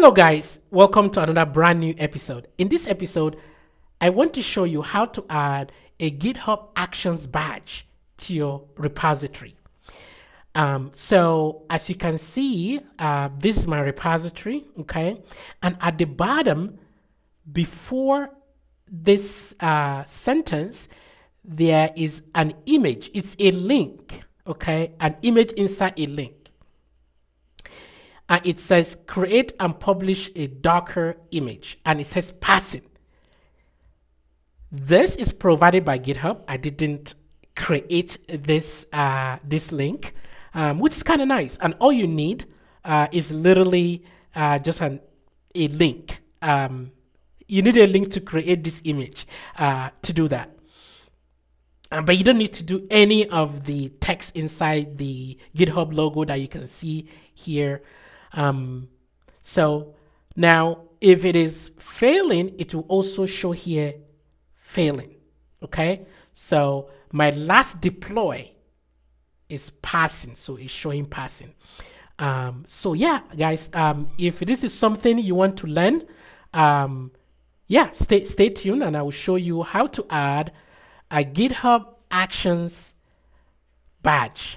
Hello guys, welcome to another brand new episode. In this episode, I want to show you how to add a GitHub Actions badge to your repository. Um, so as you can see, uh, this is my repository, okay? And at the bottom, before this uh, sentence, there is an image. It's a link, okay? An image inside a link and it says create and publish a Docker image and it says passing. This is provided by GitHub. I didn't create this, uh, this link, um, which is kind of nice. And all you need uh, is literally uh, just an, a link. Um, you need a link to create this image uh, to do that. Um, but you don't need to do any of the text inside the GitHub logo that you can see here. Um, so now if it is failing, it will also show here failing. Okay. So my last deploy is passing. So it's showing passing. Um, so yeah, guys, um, if this is something you want to learn, um, yeah, stay, stay tuned and I will show you how to add a GitHub Actions badge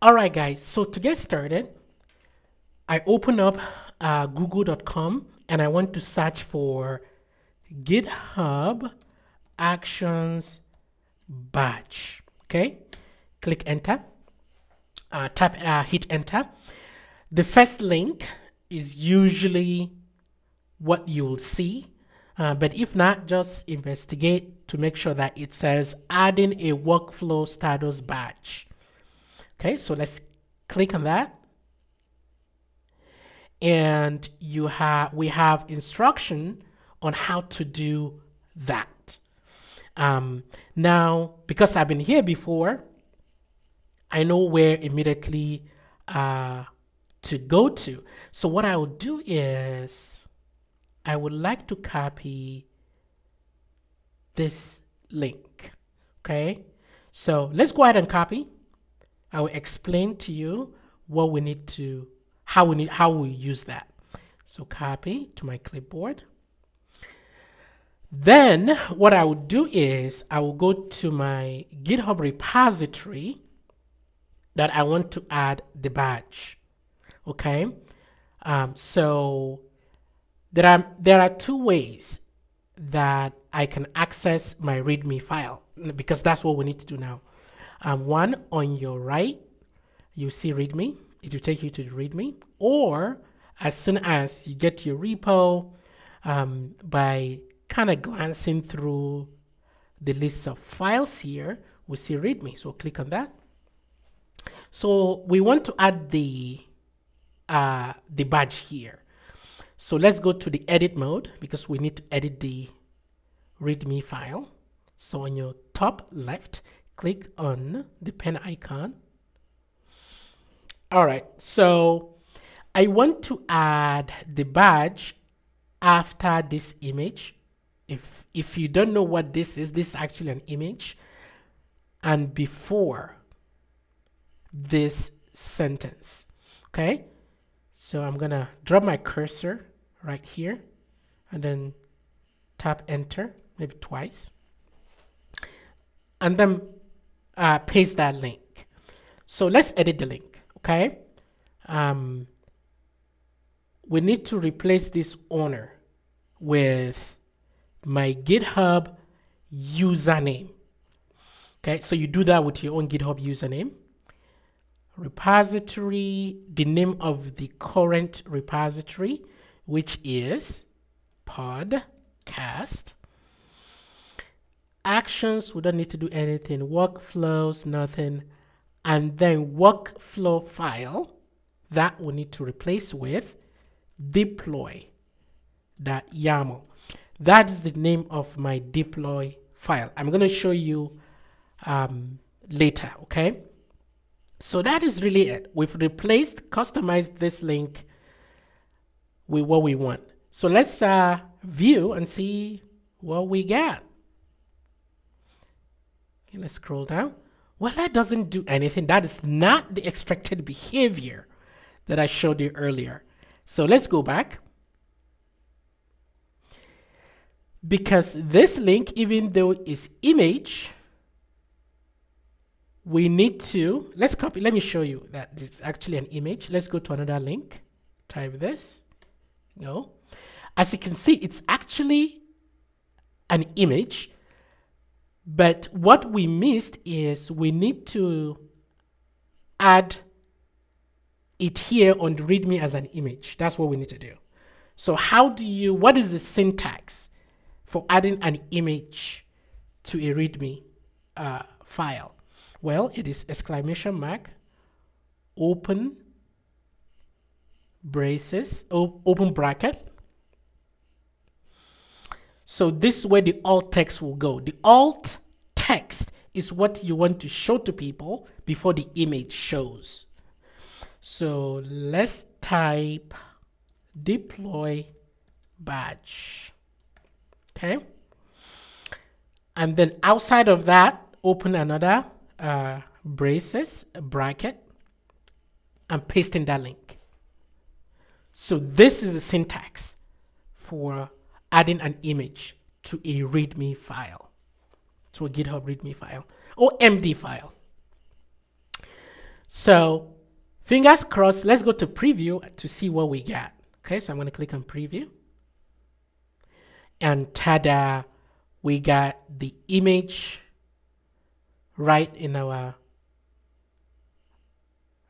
Alright guys, so to get started, I open up uh, google.com and I want to search for GitHub Actions Batch. Okay, click enter, uh, tap, uh, hit enter. The first link is usually what you'll see. Uh, but if not, just investigate to make sure that it says adding a workflow status batch. Okay, so let's click on that. And you have we have instruction on how to do that. Um, now, because I've been here before, I know where immediately uh, to go to. So what I will do is I would like to copy this link. Okay. So let's go ahead and copy. I will explain to you what we need to, how we need, how we use that. So copy to my clipboard. Then what I will do is I will go to my GitHub repository that I want to add the badge. Okay. Um, so there are, there are two ways that I can access my README file because that's what we need to do now um, one on your right, you see README. It will take you to README. Or as soon as you get your repo um, by kind of glancing through the list of files here, we see README. So click on that. So we want to add the uh, the badge here. So let's go to the edit mode because we need to edit the README file. So on your top left, click on the pen icon. All right, so I want to add the badge after this image. If, if you don't know what this is, this is actually an image. And before this sentence, okay? So I'm gonna drop my cursor right here and then tap enter maybe twice and then uh, paste that link. So let's edit the link, okay? Um, we need to replace this owner with my GitHub username. Okay, so you do that with your own GitHub username. Repository, the name of the current repository, which is podcast actions, we don't need to do anything, workflows, nothing, and then workflow file that we need to replace with deploy that YAML. That is the name of my deploy file. I'm going to show you um, later, okay? So that is really it. We've replaced, customized this link with what we want. So let's uh, view and see what we get. Okay, let's scroll down. Well, that doesn't do anything. That is not the expected behavior that I showed you earlier. So let's go back. Because this link, even though it's image, we need to, let's copy, let me show you that it's actually an image. Let's go to another link, type this, no. As you can see, it's actually an image, but what we missed is we need to add it here on the readme as an image. That's what we need to do. So how do you, what is the syntax for adding an image to a readme uh, file? Well, it is exclamation mark, open braces, op open bracket, so this is where the alt text will go. The alt text is what you want to show to people before the image shows. So let's type deploy badge. Okay. And then outside of that, open another uh, braces bracket and paste in that link. So this is the syntax for adding an image to a README file, to a GitHub README file or MD file. So fingers crossed, let's go to preview to see what we get. Okay, so I'm going to click on preview. And tada, we got the image right in our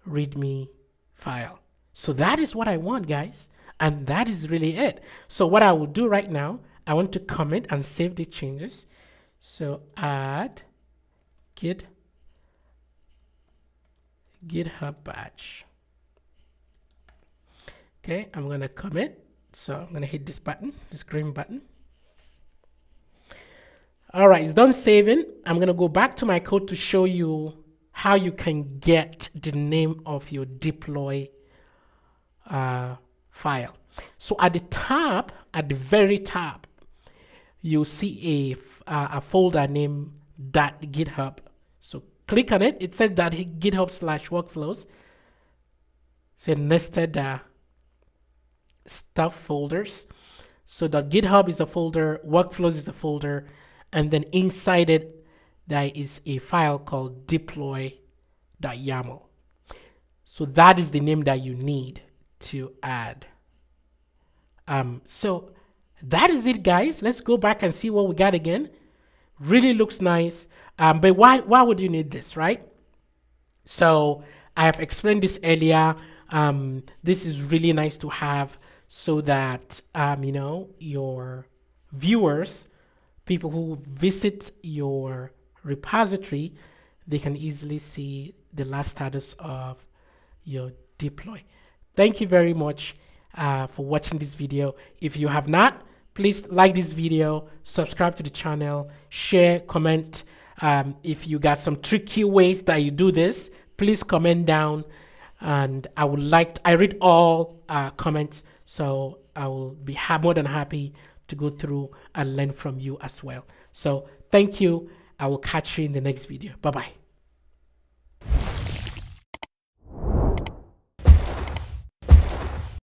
README file. So that is what I want, guys. And that is really it. So what I will do right now, I want to commit and save the changes. So add git github batch. Okay, I'm gonna commit. So I'm gonna hit this button, this green button. All right, it's done saving. I'm gonna go back to my code to show you how you can get the name of your deploy uh, file. So at the top, at the very top, you see a, uh, a folder named .github. So click on it. It says that github slash workflows. It's a nested uh, stuff folders. So the GitHub is a folder, workflows is a folder, and then inside it, there is a file called deploy.yaml. So that is the name that you need to add. Um, so that is it, guys. Let's go back and see what we got again. Really looks nice. Um, but why, why would you need this, right? So I have explained this earlier. Um, this is really nice to have so that, um, you know, your viewers, people who visit your repository, they can easily see the last status of your deploy. Thank you very much uh, for watching this video. If you have not, please like this video, subscribe to the channel, share, comment. Um, if you got some tricky ways that you do this, please comment down. And I would like, to, I read all uh, comments, so I will be more than happy to go through and learn from you as well. So thank you. I will catch you in the next video. Bye-bye.